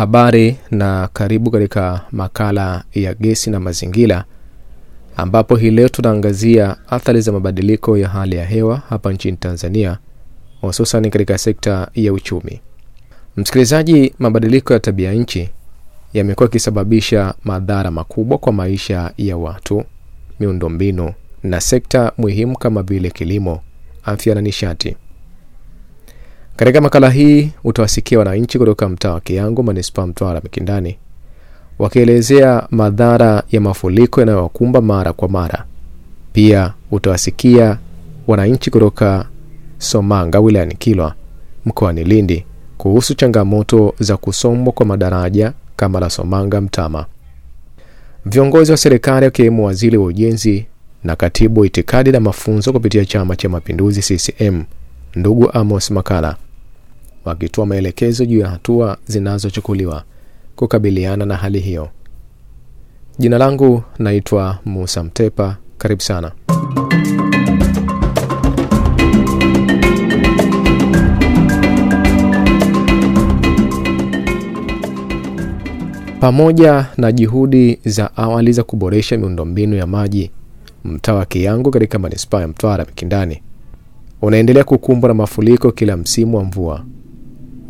Habari na karibu katika makala ya gesi na mazingira, ambapo hii leo tunaangazia athari za mabadiliko ya hali ya hewa hapa nchini Tanzania, hususan katika sekta ya uchumi. Msikilizaji, mabadiliko ya tabia nchi yamekuwa yakisababisha madhara makubwa kwa maisha ya watu, miundombinu na sekta muhimu kama vile kilimo, afya na nishati. Katika makala hii utawasikia wananchi kutoka mtaa wa Kiangu, manispaa Mtwara Mikindani, wakielezea madhara ya mafuriko yanayowakumba mara kwa mara. Pia utawasikia wananchi kutoka Somanga wilayani Kilwa mkoani Lindi kuhusu changamoto za kusombwa kwa madaraja kama la Somanga Mtama. Viongozi wa serikali wakiwemo waziri wa ujenzi na katibu wa itikadi na mafunzo kupitia Chama cha Mapinduzi CCM ndugu Amos Makala wakitoa maelekezo juu ya hatua zinazochukuliwa kukabiliana na hali hiyo. Jina langu naitwa Musa Mtepa. Karibu sana. Pamoja na juhudi za awali za kuboresha miundombinu ya maji, mtaa wa Kiangu katika manispaa ya Mtwara Mikindani unaendelea kukumbwa na mafuliko kila msimu wa mvua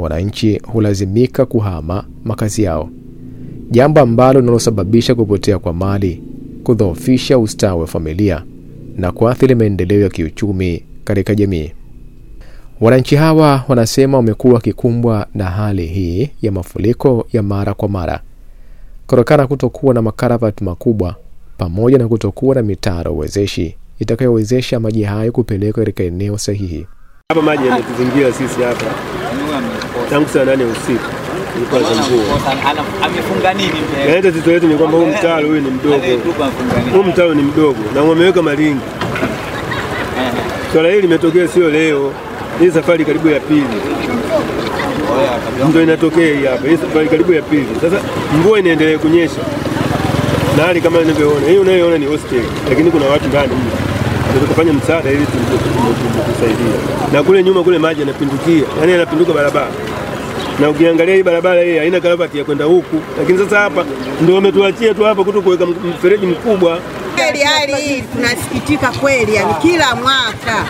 wananchi hulazimika kuhama makazi yao, jambo ambalo linalosababisha kupotea kwa mali, kudhoofisha ustawi wa familia na kuathiri maendeleo ya kiuchumi katika jamii. Wananchi hawa wanasema wamekuwa wakikumbwa na hali hii ya mafuriko ya mara kwa mara kutokana kutokuwa na makaravati makubwa pamoja na kutokuwa na mitaro wezeshi itakayowezesha maji hayo kupelekwa katika eneo sahihi. Hapa maji yametuzingira sisi hapa tangu saa nane usiku ilikuwa tatizo letu ni kwamba huu mtaro huyu ni mdogo, huu mtaro ni mdogo na wameweka maringi. Eh. Swala hili limetokea sio leo, hii safari karibu ya pili ndio inatokea hii hapa, hii safari karibu ya pili. Sasa mvua inaendelea kunyesha na hali kama unavyoona, hii unayoona ni hostel, lakini kuna watu ndani mle tukafanya msaada ili tusaidia, na kule nyuma kule maji yanapindukia, yani yanapinduka barabara na ukiangalia hii barabara hii haina karabati ya kwenda huku, lakini sasa hapa ndio wametuachia tu hapa kutu kuweka mfereji mkubwa. Kweli hali hii tunasikitika kweli, yani kila mwaka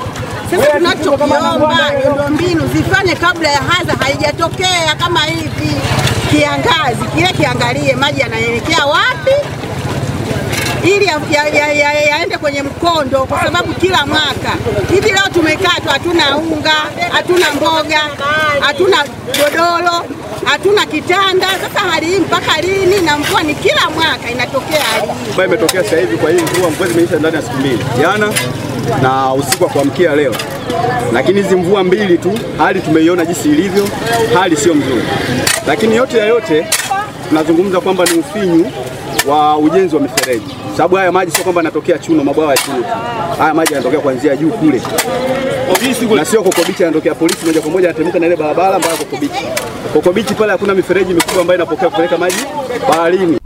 sasa tunachokiomba mbinu zifanye kabla ya hadha haijatokea kama hivi kiangazi kile, kiangalie maji yanaelekea wapi ili yaende ya, ya, ya, ya kwenye mkondo, kwa sababu kila mwaka hivi leo tumekaa tu, hatuna unga, hatuna mboga, hatuna godoro, hatuna kitanda. Sasa hali hii mpaka lini? Na mvua ni kila mwaka inatokea hali hii ambayo imetokea sasa hivi. Kwa hii mvua, mvua zimeisha ndani ya siku mbili, jana na usiku wa kuamkia leo lakini hizi mvua mbili tu, hali tumeiona jinsi ilivyo, hali sio mzuri. Lakini yote ya yote tunazungumza kwamba ni ufinyu wa ujenzi wa mifereji sababu haya maji sio kwamba yanatokea Chuno, mabwawa ya Chuno. Haya maji yanatokea kuanzia juu kule na sio Kokobichi, yanatokea polisi moja kwa moja, yanateremka na ile barabara mpaka Kokobichi. Kokobichi pale hakuna mifereji mikubwa ambayo inapokea kupeleka maji baharini.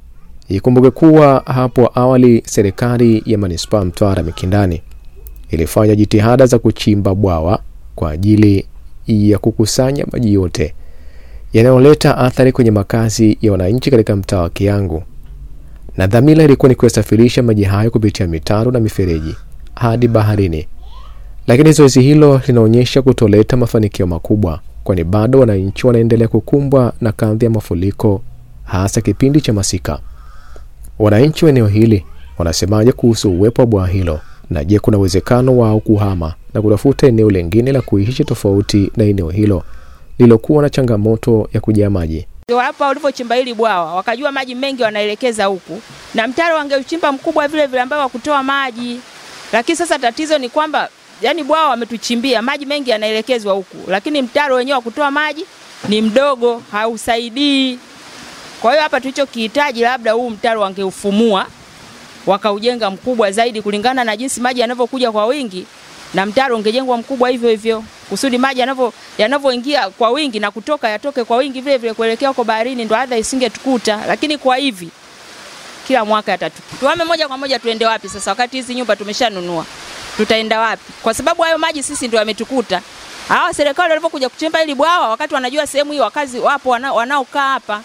Ikumbuke kuwa hapo awali serikali ya manispaa Mtwara Mikindani ilifanya jitihada za kuchimba bwawa kwa ajili ya kukusanya maji yote yanayoleta athari kwenye makazi ya wananchi katika mtaa wa Kiangu na dhamira ilikuwa ni kuyasafirisha maji hayo kupitia mitaro na mifereji hadi baharini, lakini zoezi hilo linaonyesha kutoleta mafanikio makubwa, kwani bado wananchi wanaendelea kukumbwa na kadhi ya mafuliko hasa kipindi cha masika. Wananchi wa eneo hili wanasemaje kuhusu uwepo wa bwaa hilo, na je, kuna uwezekano wao kuhama na kutafuta eneo lingine la kuishi tofauti na eneo hilo lililokuwa na changamoto ya kujaa maji? Ndio hapa ulivyochimba hili bwawa, wakajua maji mengi wanaelekeza huku, na mtaro wangeuchimba mkubwa vile vile ambao wakutoa maji, lakini sasa tatizo ni kwamba yani bwawa wametuchimbia maji mengi yanaelekezwa huku, lakini mtaro wenyewe wa kutoa maji ni mdogo, hausaidii. Kwa hiyo hapa tulichokihitaji labda huu mtaro wangeufumua wakaujenga mkubwa zaidi kulingana na jinsi maji yanavyokuja kwa wingi na mtaro ungejengwa mkubwa hivyo hivyo kusudi maji yanavyo yanavyoingia kwa wingi na kutoka yatoke kwa wingi vile vile kuelekea huko baharini, ndo adha isingetukuta. Lakini kwa hivi kila mwaka yatatupa. Tuame moja kwa moja, tuende wapi sasa, wakati hizi nyumba tumeshanunua? Tutaenda wapi? Kwa sababu hayo maji sisi ndio yametukuta. Hawa serikali walivyokuja kuchimba ili bwawa, wakati wanajua sehemu hii wakazi wapo wanaokaa wana hapa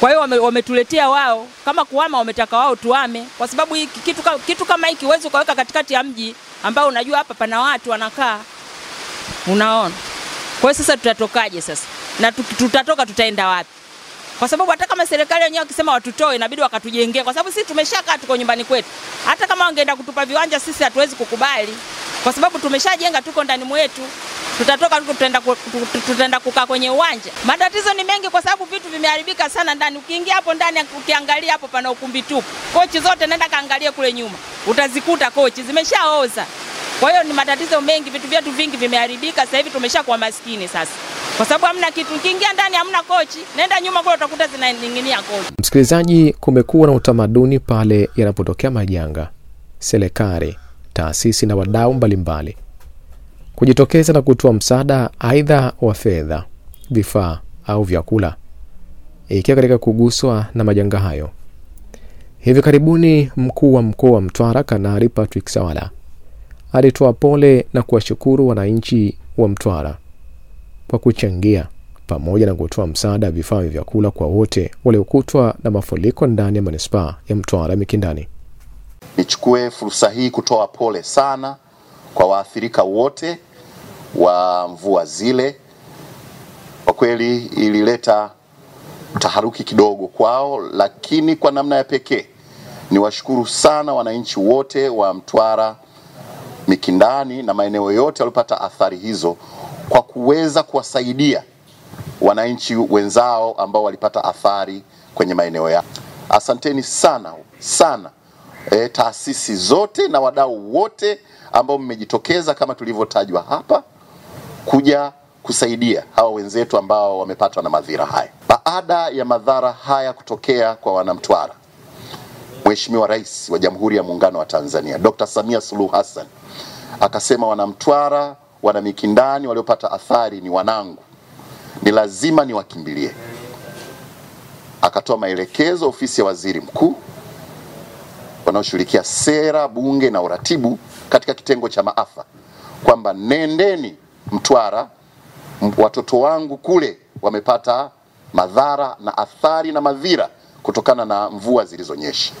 kwa hiyo wametuletea wame, wao, kama kuhama wametaka wao tuame, kwa sababu kitu, kitu kama hiki huwezi ukaweka katikati ya mji ambao unajua hapa pana watu wanakaa, unaona. Kwa hiyo sasa tutatokaje sasa, na tutatoka tutaenda wapi? Kwa sababu hata kama serikali wenyewe wakisema watutoe, inabidi wakatujengee, kwa sababu sisi tumeshakaa tuko nyumbani kwetu. Hata kama wangeenda kutupa viwanja, sisi hatuwezi kukubali, kwa sababu tumeshajenga, tuko ndani mwetu tutatoka huko tutaenda tutaenda kukaa kwenye uwanja. Matatizo ni mengi kwa sababu vitu vimeharibika sana ndani. Ukiingia hapo ndani, ukiangalia hapo pana ukumbi tupu. Kochi zote naenda kaangalia kule nyuma, utazikuta kochi zimeshaoza. Kwa hiyo ni matatizo mengi, vitu vyetu vingi vimeharibika. Sasa hivi tumeshakuwa maskini sasa kwa sababu hamna kitu. Ukiingia ndani hamna kochi, Nenda nyuma kule utakuta zinaning'inia kochi. Msikilizaji, kumekuwa na utamaduni pale yanapotokea majanga, serikali, taasisi na wadau mbalimbali kujitokeza na kutoa msaada aidha wa fedha, vifaa au vyakula, ikiwa katika kuguswa na majanga hayo. Hivi karibuni mkuu wa mkoa wa Mtwara kanari Patrick Sawala alitoa pole na kuwashukuru wananchi wa Mtwara kwa kuchangia pamoja na kutoa msaada vifaa vya vyakula kwa wote waliokutwa na mafuriko ndani ya manispaa ya Mtwara Mikindani. Nichukue fursa hii kutoa pole sana kwa waathirika wote wa mvua zile. Kwa kweli ilileta taharuki kidogo kwao, lakini kwa namna ya pekee niwashukuru sana wananchi wote wa Mtwara Mikindani na maeneo yote waliopata athari hizo kwa kuweza kuwasaidia wananchi wenzao ambao walipata athari kwenye maeneo yao. Asanteni sana sana, e, taasisi zote na wadau wote ambao mmejitokeza kama tulivyotajwa hapa kuja kusaidia hawa wenzetu ambao wamepatwa na madhira haya. Baada ya madhara haya kutokea kwa wanamtwara, Mheshimiwa Rais wa Jamhuri ya Muungano wa Tanzania Dr. Samia Suluhu Hassan akasema, wanamtwara, wana Mikindani waliopata athari ni wanangu, ni lazima niwakimbilie. Akatoa maelekezo ofisi ya waziri mkuu wanaoshughulikia sera, bunge na uratibu katika kitengo cha maafa kwamba nendeni Mtwara, watoto wangu kule wamepata madhara na athari na madhira kutokana na mvua zilizonyesha.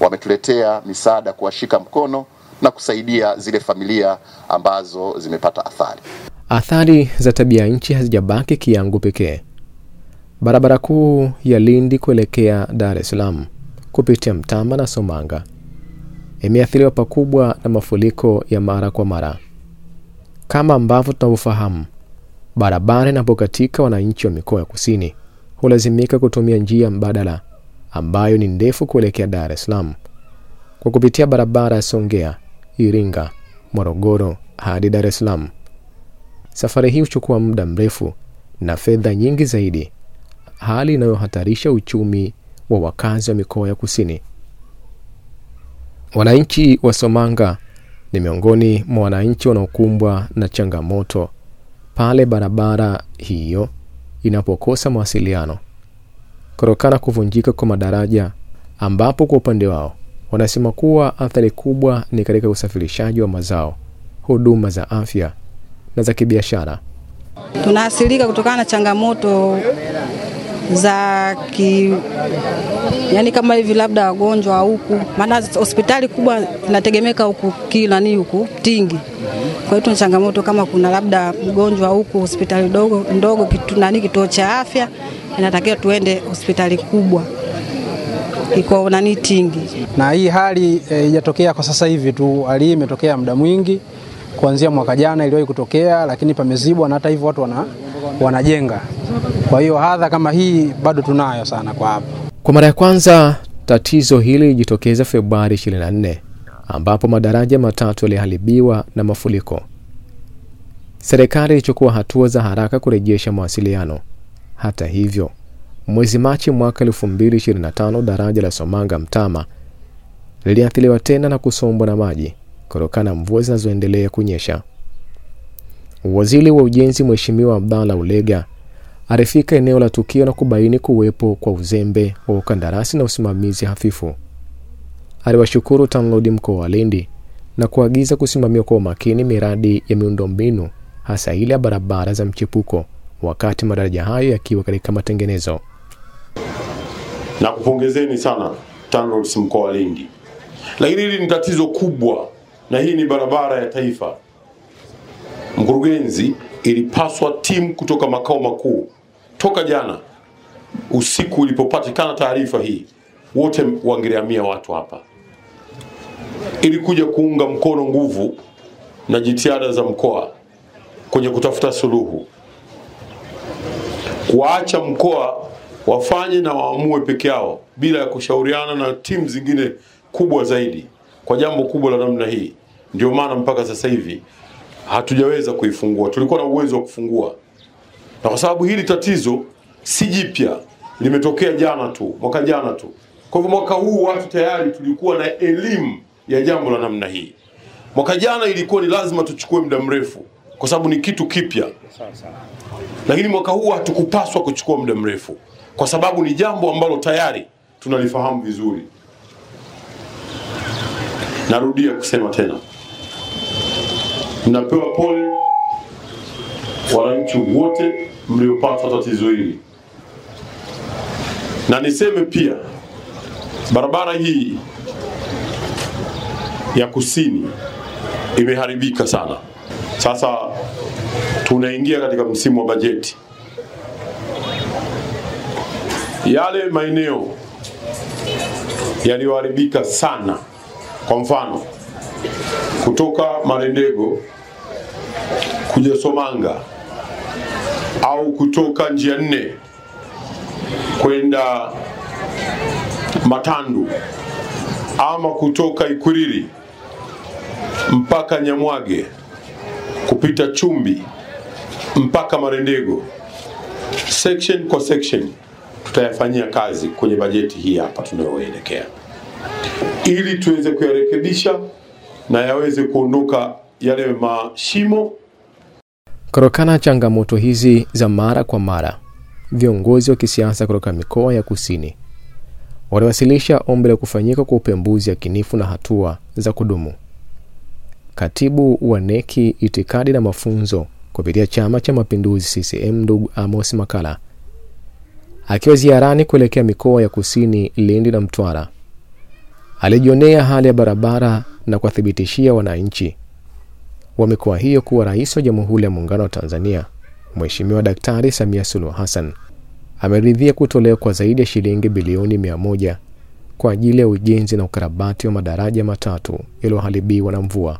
Wametuletea misaada kuwashika mkono na kusaidia zile familia ambazo zimepata athari. Athari za tabia nchi hazijabaki Kiangu pekee. Barabara kuu ya Lindi kuelekea Dar es Salaam kupitia Mtamba na Somanga imeathiriwa pakubwa na mafuriko ya mara kwa mara. Kama ambavyo tunavyofahamu, barabara inapokatika, wananchi wa mikoa ya kusini hulazimika kutumia njia mbadala ambayo ni ndefu kuelekea Dar es Salaam kwa kupitia barabara ya Songea, Iringa, Morogoro hadi Dar es Salaam. Safari hii huchukua muda mrefu na fedha nyingi zaidi, hali inayohatarisha uchumi wa wakazi wa mikoa ya kusini wananchi wa somanga ni miongoni mwa wananchi wanaokumbwa na changamoto pale barabara hiyo inapokosa mawasiliano kutokana kuvunjika kwa madaraja ambapo kwa upande wao wanasema kuwa athari kubwa ni katika usafirishaji wa mazao huduma za afya na za kibiashara tunaasirika kutokana na changamoto za ki, yani kama hivi labda wagonjwa huku, maana hospitali kubwa inategemeka huku kinani huku Tingi. Kwa hiyo tuna changamoto kama kuna labda mgonjwa huku hospitali dogo, ndogo kitu, nani kituo cha afya, inatakiwa tuende hospitali kubwa iko nani Tingi. Na hii hali eh, haijatokea e, kwa sasa hivi tu, hali imetokea muda mwingi kuanzia mwaka jana iliwahi kutokea, lakini pamezibwa na hata hivyo watu wana wanajenga. Kwa hiyo hadha kama hii bado tunayo sana kwa hapa. Kwa mara ya kwanza tatizo hili lijitokeza Februari 24 ambapo madaraja matatu yaliharibiwa na mafuliko Serikali ilichukua hatua za haraka kurejesha mawasiliano. Hata hivyo, mwezi Machi mwaka 2025 daraja la Somanga Mtama liliathiriwa tena na kusombwa na maji kutokana na mvua zinazoendelea kunyesha. Waziri wa Ujenzi Mheshimiwa Abdalla Ulega alifika eneo la tukio na kubaini kuwepo kwa uzembe wa ukandarasi na usimamizi hafifu. Aliwashukuru TANROADS mkoa wa Lindi na kuagiza kusimamiwa kwa umakini miradi ya miundombinu hasa ile ya barabara za mchipuko wakati madaraja hayo yakiwa katika matengenezo. nakupongezeni sana TANROADS mkoa wa Lindi, lakini hili ni tatizo kubwa, na hii ni barabara ya taifa. Mkurugenzi, ilipaswa timu kutoka makao makuu toka jana usiku ilipopatikana taarifa hii, wote wangeliamia watu hapa ili kuja kuunga mkono nguvu na jitihada za mkoa kwenye kutafuta suluhu, kuwaacha mkoa wafanye na waamue peke yao bila ya kushauriana na timu zingine kubwa zaidi kwa jambo kubwa la namna hii. Ndio maana mpaka sasa hivi hatujaweza kuifungua. Tulikuwa na uwezo wa kufungua, na kwa sababu hili tatizo si jipya, limetokea jana tu, mwaka jana tu. Kwa hivyo mwaka huu watu tayari tulikuwa na elimu ya jambo la namna hii. Mwaka jana ilikuwa ni lazima tuchukue muda mrefu, kwa sababu ni kitu kipya, lakini mwaka huu hatukupaswa kuchukua muda mrefu, kwa sababu ni jambo ambalo tayari tunalifahamu vizuri. Narudia kusema tena, Ninapewa pole wananchi wote mliopata tatizo hili, na niseme pia barabara hii ya kusini imeharibika sana. Sasa tunaingia katika msimu wa bajeti. Yale maeneo yaliyoharibika sana, kwa mfano kutoka Marendego kuja Somanga au kutoka njia nne kwenda Matandu ama kutoka ikuriri mpaka Nyamwage kupita Chumbi mpaka Marendego, section kwa section tutayafanyia kazi kwenye bajeti hii hapa tunayoelekea, ili tuweze kuyarekebisha na yaweze kuondoka yale mashimo Kutokana na changamoto hizi za mara kwa mara, viongozi wa kisiasa kutoka mikoa ya kusini waliwasilisha ombi la kufanyika kwa upembuzi yakinifu na hatua za kudumu. Katibu wa neki itikadi na mafunzo kupitia Chama cha Mapinduzi CCM ndugu Amos Makala akiwa ziarani kuelekea mikoa ya kusini, Lindi na Mtwara alijionea hali ya barabara na kuwathibitishia wananchi wa mikoa hiyo kuwa Rais wa Jamhuri ya Muungano wa Tanzania Mheshimiwa Daktari Samia Suluhu Hassan ameridhia kutolewa kwa zaidi ya shilingi bilioni 1 moja kwa ajili ya ujenzi na ukarabati wa madaraja matatu yaliyoharibiwa na mvua.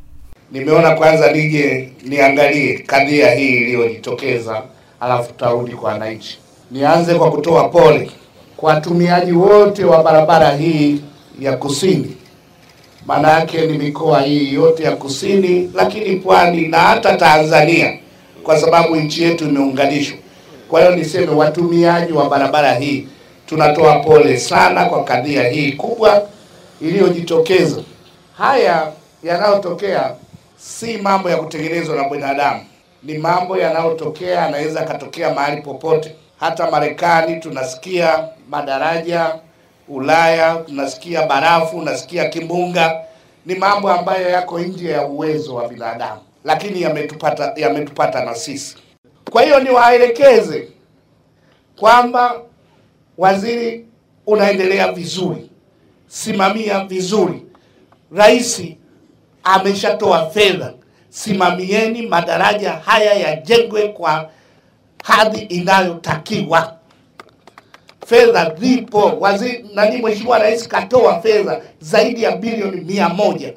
Nimeona kwanza nije niangalie kadhia hii iliyojitokeza, alafu tutarudi kwa wananchi. Nianze kwa kutoa pole kwa watumiaji wote wa barabara hii ya kusini maana yake ni mikoa hii yote ya kusini, lakini pwani na hata Tanzania, kwa sababu nchi yetu imeunganishwa. Kwa hiyo niseme watumiaji wa barabara hii tunatoa pole sana kwa kadhia hii kubwa iliyojitokeza. Haya yanayotokea si mambo ya kutengenezwa na binadamu, ni mambo yanayotokea, anaweza akatokea mahali popote. Hata Marekani tunasikia madaraja Ulaya, unasikia barafu, unasikia kimbunga. Ni mambo ambayo yako nje ya uwezo wa binadamu, lakini yametupata, yametupata na sisi. Kwa hiyo niwaelekeze kwamba waziri, unaendelea vizuri, simamia vizuri. Rais ameshatoa fedha, simamieni madaraja haya yajengwe kwa hadhi inayotakiwa fedha zipo, waziri nani, mheshimiwa rais katoa fedha zaidi ya bilioni mia moja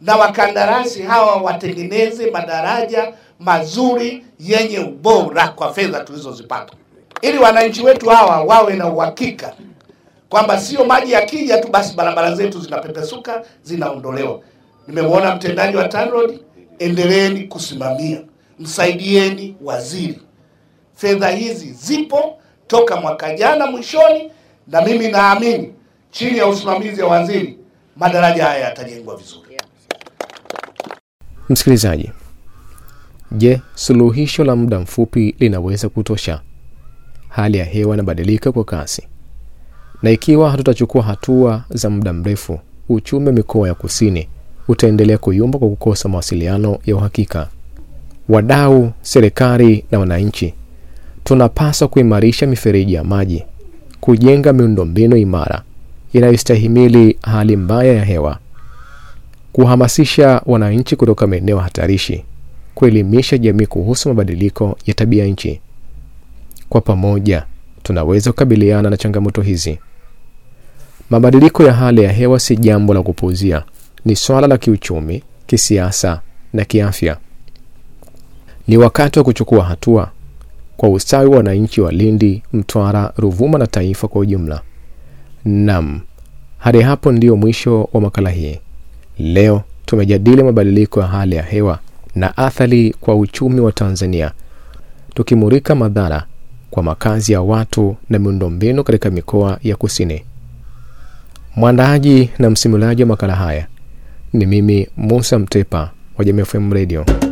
na wakandarasi hawa watengeneze madaraja mazuri yenye ubora kwa fedha tulizozipata, ili wananchi wetu hawa wawe na uhakika kwamba sio maji yakija tu basi barabara zetu zinapepesuka zinaondolewa. Nimemwona mtendaji wa TANROADS, endeleeni kusimamia, msaidieni waziri, fedha hizi zipo toka mwaka jana mwishoni, na mimi naamini chini ya usimamizi wa waziri madaraja haya yatajengwa vizuri. Msikilizaji, je, suluhisho la muda mfupi linaweza kutosha? Hali ya hewa inabadilika kwa kasi, na ikiwa hatutachukua hatua za muda mrefu, uchumi wa mikoa ya kusini utaendelea kuyumba kwa kukosa mawasiliano ya uhakika. Wadau, serikali na wananchi tunapaswa kuimarisha mifereji ya maji, kujenga miundombinu imara inayostahimili hali mbaya ya hewa, kuhamasisha wananchi kutoka maeneo hatarishi, kuelimisha jamii kuhusu mabadiliko ya tabia nchi. Kwa pamoja tunaweza kukabiliana na changamoto hizi. Mabadiliko ya hali ya hewa si jambo la kupuuzia, ni swala la kiuchumi, kisiasa na kiafya. Ni wakati wa kuchukua hatua kwa ustawi wa wananchi wa Lindi, Mtwara, Ruvuma na taifa kwa ujumla. Naam, hadi hapo ndio mwisho wa makala hii. Leo tumejadili mabadiliko ya hali ya hewa na athari kwa uchumi wa Tanzania, tukimurika madhara kwa makazi ya watu na miundombinu katika mikoa ya kusini. Mwandaaji na msimuliaji wa makala haya ni mimi Musa Mtepa wa Jamii Radio.